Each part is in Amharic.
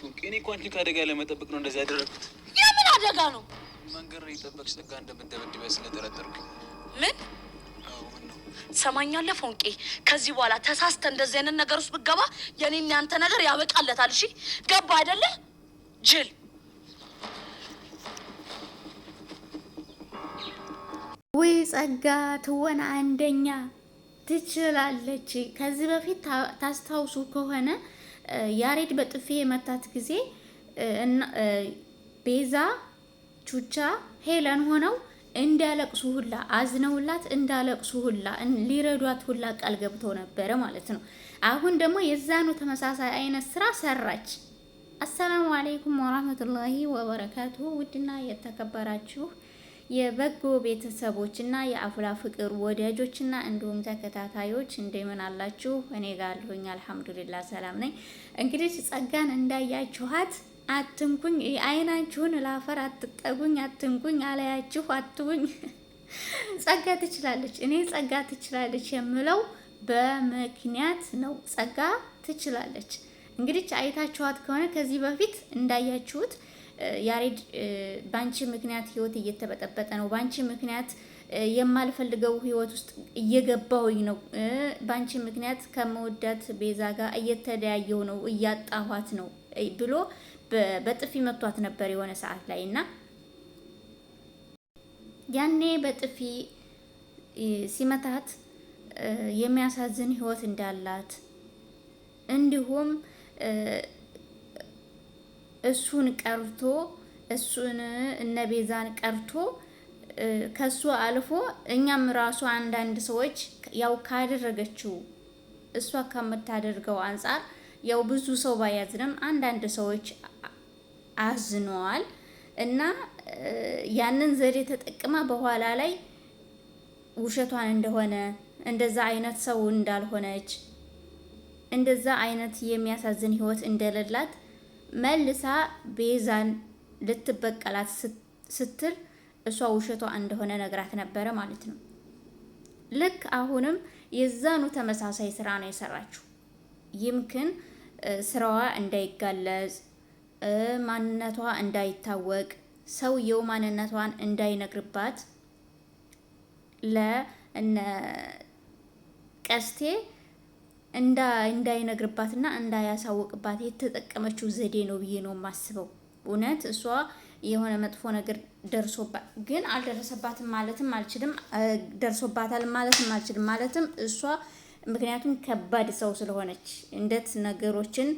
ፎቅ እኔ እኮ አንቺን ከአደጋ ለመጠበቅ ነው እንደዚህ ያደረግኩት። የምን አደጋ ነው? መንገድ ላይ የጠበቅሽ ጸጋ እንደምትደበድበ ስለጠረጠርኩ። ምን ሰማኛለህ ፎንቄ፣ ከዚህ በኋላ ተሳስተ እንደዚህ አይነት ነገር ውስጥ ብገባ የኔና ያንተ ነገር ያበቃለታል። እሺ ገባ አይደለ ጅል? ውይ ጸጋ ትወና አንደኛ ትችላለች። ከዚህ በፊት ታስታውሱ ከሆነ ያሬድ በጥፊ የመታት ጊዜ ቤዛ፣ ቹቻ፣ ሄለን ሆነው እንዳለቅሱ ሁላ አዝነውላት እንዳለቅሱ ሁላ ሊረዷት ሁላ ቃል ገብተው ነበረ ማለት ነው። አሁን ደግሞ የዛኑ ተመሳሳይ አይነት ስራ ሰራች። አሰላሙ አለይኩም ወራህመቱላሂ ወበረካቱሁ ውድና የተከበራችሁ የበጎ ቤተሰቦችና የአፍላ ፍቅር ወዳጆችና እንዲሁም ተከታታዮች እንደምን አላችሁ? እኔ ጋር አለሁኝ፣ አልሐምዱሊላ ሰላም ነኝ። እንግዲህ ጸጋን እንዳያችኋት አትንኩኝ፣ አይናችሁን ላፈር አትጠጉኝ፣ አትንኩኝ፣ አላያችሁ አትቡኝ። ጸጋ ትችላለች። እኔ ጸጋ ትችላለች የምለው በምክንያት ነው። ጸጋ ትችላለች። እንግዲህ አይታችኋት ከሆነ ከዚህ በፊት እንዳያችሁት ያሬድ ባንቺ ምክንያት ህይወት እየተበጠበጠ ነው። ባንቺ ምክንያት የማልፈልገው ህይወት ውስጥ እየገባሁኝ ነው። ባንቺ ምክንያት ከመወዳት ቤዛ ጋር እየተለያየሁ ነው፣ እያጣኋት ነው ብሎ በጥፊ መቷት ነበር የሆነ ሰዓት ላይ እና ያኔ በጥፊ ሲመታት የሚያሳዝን ህይወት እንዳላት እንዲሁም እሱን ቀርቶ እሱን እነ ቤዛን ቀርቶ ከሱ አልፎ እኛም ራሱ አንዳንድ ሰዎች ያው ካደረገችው እሷ ከምታደርገው አንጻር ያው ብዙ ሰው ባያዝንም አንዳንድ ሰዎች አዝነዋል እና ያንን ዘዴ ተጠቅማ በኋላ ላይ ውሸቷን እንደሆነ እንደዛ አይነት ሰው እንዳልሆነች እንደዛ አይነት የሚያሳዝን ሕይወት እንደሌላት መልሳ ቤዛን ልትበቀላት ስትል እሷ ውሸቷ እንደሆነ ነግራት ነበረ ማለት ነው። ልክ አሁንም የዛኑ ተመሳሳይ ስራ ነው የሰራችው። ይምክን ስራዋ እንዳይጋለጽ ማንነቷ እንዳይታወቅ ሰውየው ማንነቷን እንዳይነግርባት ለእነ ቀስቴ እንዳይነግርባትና እንዳያሳውቅባት የተጠቀመችው ዘዴ ነው ብዬ ነው የማስበው። እውነት እሷ የሆነ መጥፎ ነገር ደርሶባት ግን አልደረሰባትም ማለትም አልችልም፣ ደርሶባታል ማለትም አልችልም። ማለትም እሷ ምክንያቱም ከባድ ሰው ስለሆነች እንደት ነገሮችን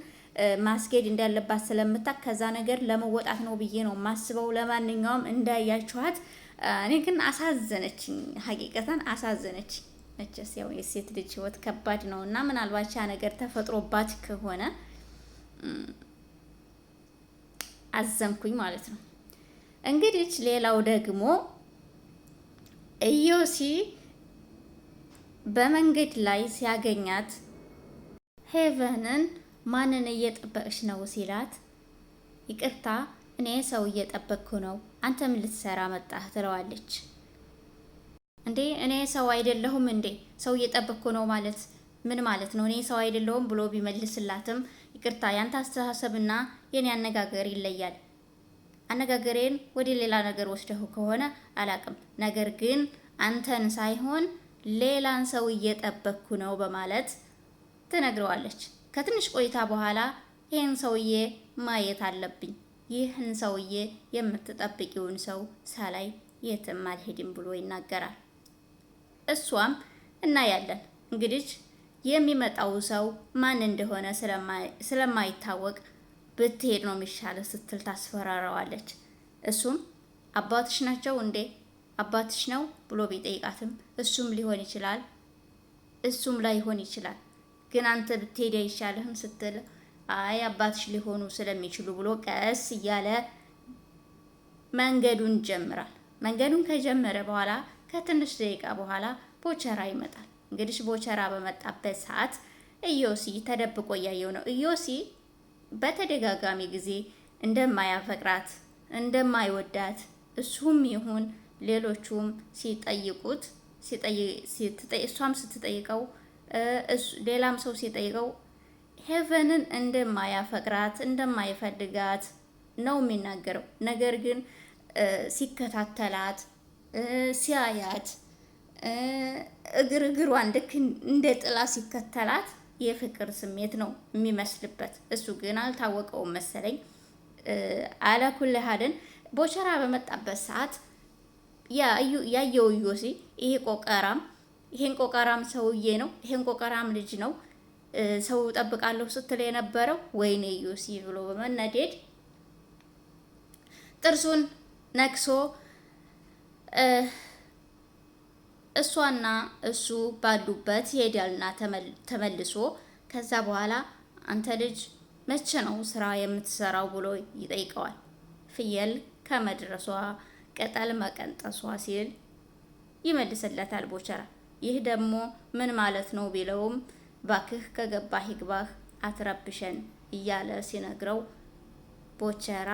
ማስኬድ እንዳለባት ስለምታ ከዛ ነገር ለመወጣት ነው ብዬ ነው ማስበው። ለማንኛውም እንዳያችኋት፣ እኔ ግን አሳዘነችኝ፣ ሀቂቀተን አሳዘነችኝ። መቼስ ያው የሴት ልጅ ህይወት ከባድ ነው እና ምናልባት ያ ነገር ተፈጥሮባት ከሆነ አዘንኩኝ ማለት ነው። እንግዲህ ሌላው ደግሞ ኢዮሲ በመንገድ ላይ ሲያገኛት ሄቨንን ማንን እየጠበቅሽ ነው ሲላት፣ ይቅርታ እኔ ሰው እየጠበቅኩ ነው፣ አንተ ምን ልትሰራ መጣህ? ትለዋለች እንዴ እኔ ሰው አይደለሁም እንዴ ሰው እየጠበቅኩ ነው ማለት ምን ማለት ነው? እኔ ሰው አይደለሁም ብሎ ቢመልስላትም ይቅርታ፣ ያንተ አስተሳሰብና የኔ አነጋገር ይለያል። አነጋገሬን ወደ ሌላ ነገር ወስደው ከሆነ አላቅም፣ ነገር ግን አንተን ሳይሆን ሌላን ሰው እየጠበቅኩ ነው በማለት ትነግረዋለች። ከትንሽ ቆይታ በኋላ ይህን ሰውዬ ማየት አለብኝ፣ ይህን ሰውዬ የምትጠብቂውን ሰው ሳላይ የትም አልሄድም ብሎ ይናገራል። እሷም እናያለን እንግዲህ የሚመጣው ሰው ማን እንደሆነ ስለማይታወቅ ብትሄድ ነው የሚሻለ ስትል ታስፈራረዋለች። እሱም አባትሽ ናቸው እንዴ አባትሽ ነው ብሎ ቢጠይቃትም እሱም ሊሆን ይችላል እሱም ላይሆን ይችላል ግን አንተ ብትሄድ አይሻልህም ስትል አይ አባትሽ ሊሆኑ ስለሚችሉ ብሎ ቀስ እያለ መንገዱን ጀምራል። መንገዱን ከጀመረ በኋላ ከትንሽ ደቂቃ በኋላ ቦቸራ ይመጣል። እንግዲሽ ቦቸራ በመጣበት ሰዓት እዮሲ ተደብቆ እያየው ነው። እዮሲ በተደጋጋሚ ጊዜ እንደማያፈቅራት እንደማይወዳት እሱም ይሁን ሌሎቹም ሲጠይቁት እሷም ስትጠይቀው ሌላም ሰው ሲጠይቀው ሄቨንን እንደማያፈቅራት እንደማይፈልጋት ነው የሚናገረው። ነገር ግን ሲከታተላት ሲያያት እግር እግሯን ልክ እንደ ጥላ ሲከተላት የፍቅር ስሜት ነው የሚመስልበት። እሱ ግን አልታወቀውም መሰለኝ። አላኩል ሀደን ቦቸራ በመጣበት ሰዓት ያየው ዮሲ ይሄ ቆቀራም ይሄን ቆቀራም ሰውዬ ነው፣ ይሄን ቆቀራም ልጅ ነው ሰው ጠብቃለሁ ስትል የነበረው ወይኔ ዮሲ ብሎ በመነዴድ ጥርሱን ነክሶ እሷና እሱ ባሉበት ይሄዳልና ተመልሶ ከዛ በኋላ አንተ ልጅ መቼ ነው ስራ የምትሰራው ብሎ ይጠይቀዋል። ፍየል ከመድረሷ ቅጠል መቀንጠሷ ሲል ይመልስለታል ቦቸራ። ይህ ደግሞ ምን ማለት ነው ቢለውም ባክህ ከገባህ ይግባህ አትረብሸን እያለ ሲነግረው ቦቸራ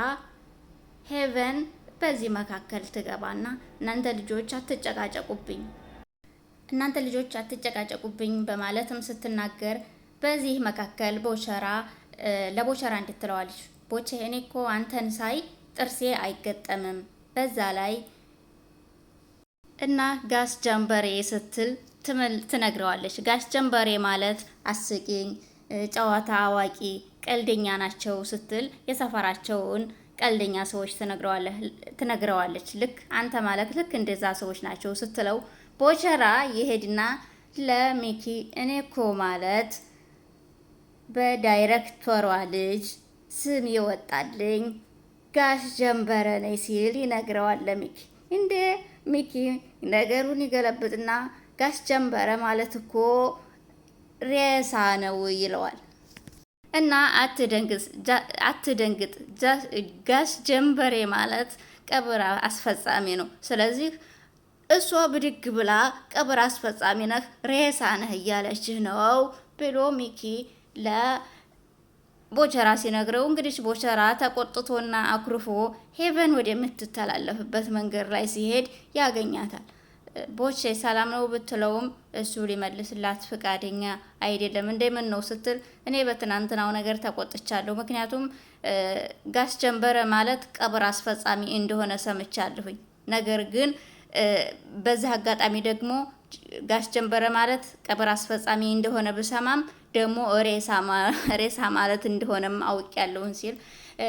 ሄቨን በዚህ መካከል ትገባና እናንተ ልጆች አትጨቃጨቁብኝ እናንተ ልጆች አትጨቃጨቁብኝ በማለትም ስትናገር በዚህ መካከል ቦቸራ ለቦቸራ እንድትለዋለች ቦቼ እኔ እኮ አንተን ሳይ ጥርሴ አይገጠምም በዛ ላይ እና ጋስ ጀንበሬ ስትል ትነግረዋለች። ጋስ ጀንበሬ ማለት አስቂኝ፣ ጨዋታ አዋቂ፣ ቀልደኛ ናቸው ስትል የሰፈራቸውን ቀልደኛ ሰዎች ትነግረዋለች። ልክ አንተ ማለት ልክ እንደዛ ሰዎች ናቸው ስትለው ቦቸራ ይሄድና ለሚኪ እኔ እኮ ማለት በዳይሬክተሯ ልጅ ስም ይወጣልኝ ጋሽ ጀንበረ ነኝ ሲል ይነግረዋል ለሚኪ። እንዴ ሚኪ ነገሩን ይገለብጥና ጋሽ ጀንበረ ማለት እኮ ሬሳ ነው ይለዋል። እና አትደንግጥ፣ ጋሽ ጀንበሬ ማለት ቀብር አስፈጻሚ ነው። ስለዚህ እሷ ብድግ ብላ ቀብር አስፈጻሚ ነህ፣ ሬሳ ነህ እያለችህ ነው ብሎ ሚኪ ለቦቸራ ሲነግረው እንግዲህ ቦቸራ ተቆጥቶና አኩርፎ ሄቨን ወደምትተላለፍበት መንገድ ላይ ሲሄድ ያገኛታል። ቦቼ ሰላም ነው ብትለውም እሱ ሊመልስላት ፍቃደኛ አይደለም። እንደምን ነው ስትል እኔ በትናንትናው ነገር ተቆጥቻለሁ፣ ምክንያቱም ጋስ ጀንበረ ማለት ቀብር አስፈጻሚ እንደሆነ ሰምቻለሁኝ። ነገር ግን በዚህ አጋጣሚ ደግሞ ጋሽ ጀንበረ ማለት ቀብር አስፈጻሚ እንደሆነ ብሰማም ደግሞ ሬሳ ማለት እንደሆነም አውቅ ያለውን ሲል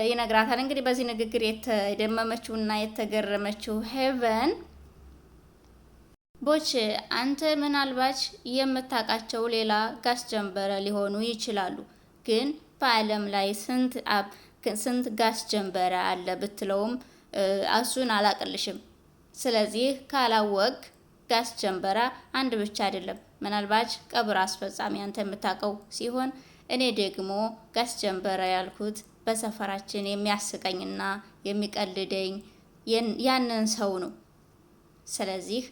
ይነግራታል። እንግዲህ በዚህ ንግግር የተደመመችውና የተገረመችው ሄቨን ቦቼ አንተ ምናልባች የምታውቃቸው ሌላ ጋሽ ጀንበረ ሊሆኑ ይችላሉ፣ ግን በዓለም ላይ ስንት አብ ስንት ጋሽ ጀንበረ አለ ብትለውም እሱን አላቅልሽም። ስለዚህ ካላወቅ ጋሽ ጀንበራ አንድ ብቻ አይደለም። ምናልባች ቀብር አስፈጻሚ አንተ የምታውቀው ሲሆን እኔ ደግሞ ጋሽ ጀንበረ ያልኩት በሰፈራችን የሚያስቀኝና የሚቀልደኝ ያንን ሰው ነው። ስለዚህ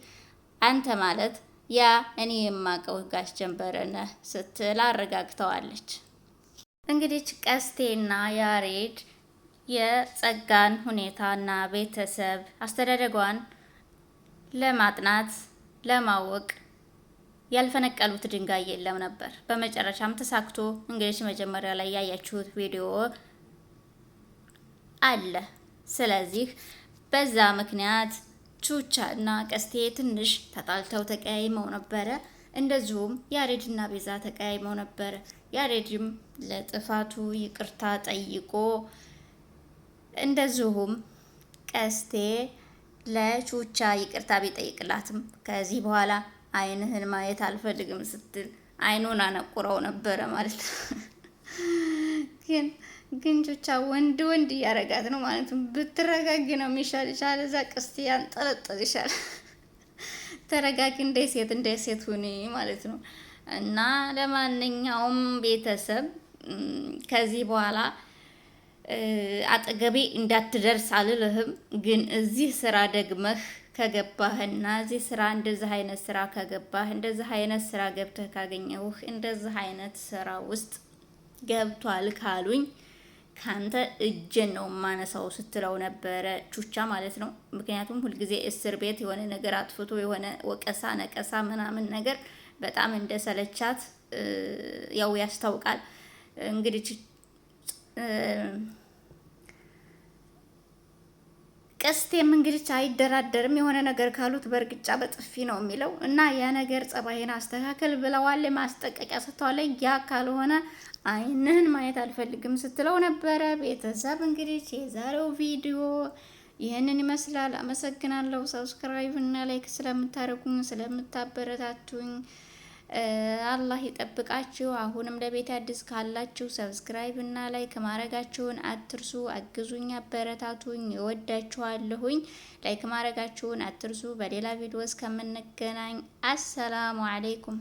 አንተ ማለት ያ እኔ የማቀው ጋሽ ጀንበረ ነህ ስትል አረጋግተዋለች። እንግዲህ ቀስቴና ያሬድ የጸጋን ሁኔታና ቤተሰብ አስተዳደጓን ለማጥናት ለማወቅ ያልፈነቀሉት ድንጋይ የለም ነበር። በመጨረሻም ተሳክቶ እንግዲህ መጀመሪያ ላይ ያያችሁት ቪዲዮ አለ። ስለዚህ በዛ ምክንያት ቹቻ እና ቀስቴ ትንሽ ተጣልተው ተቀያይመው ነበረ። እንደዚሁም የአሬድና ቤዛ ተቀያይመው ነበረ። ያሬድም ለጥፋቱ ይቅርታ ጠይቆ እንደዚሁም ቀስቴ ለቹቻ ይቅርታ ቢጠይቅላትም ከዚህ በኋላ አይንህን ማየት አልፈልግም ስትል አይኑን አነቁረው ነበረ ማለት ግን ግን ጆቻ ወንድ ወንድ እያረጋት ነው ማለት ነው። ብትረጋጊ ነው የሚሻል ይሻል። እዛ ቅስት ያንጠለጠል ይሻል። ተረጋጊ፣ እንደ ሴት እንደ ሴት ሁኒ ማለት ነው። እና ለማንኛውም ቤተሰብ ከዚህ በኋላ አጠገቤ እንዳትደርስ አልልህም፣ ግን እዚህ ስራ ደግመህ ከገባህና እዚህ ስራ እንደዚህ አይነት ስራ ከገባህ እንደዚህ አይነት ስራ ገብተህ ካገኘሁህ እንደዚህ አይነት ስራ ውስጥ ገብቷል ካሉኝ ካንተ እጄን ነው ማነሳው ስትለው ነበረ፣ ቹቻ ማለት ነው። ምክንያቱም ሁልጊዜ እስር ቤት የሆነ ነገር አጥፍቶ የሆነ ወቀሳ ነቀሳ ምናምን ነገር በጣም እንደ ሰለቻት ያው ያስታውቃል እንግዲህ ቀስቴም እንግዲህ አይደራደርም። የሆነ ነገር ካሉት በእርግጫ በጥፊ ነው የሚለው እና ያ ነገር ጸባይን አስተካከል ብለዋል፣ ማስጠንቀቂያ ሰጥተዋል። ያ ካልሆነ አይንህን ማየት አልፈልግም ስትለው ነበረ። ቤተሰብ እንግዲህ የዛሬው ቪዲዮ ይህንን ይመስላል። አመሰግናለሁ። ሰብስክራይብ እና ላይክ ስለምታደርጉኝ ስለምታበረታቱኝ አላህ ይጠብቃችሁ። አሁንም ለቤት አዲስ ካላችሁ ሰብስክራይብ እና ላይክ ማድረጋችሁን አትርሱ። አግዙኝ፣ አበረታቱኝ። እወዳችኋለሁኝ። ላይክ ማድረጋችሁን አትርሱ። በሌላ ቪዲዮ እስከምንገናኝ አሰላሙ አለይኩም።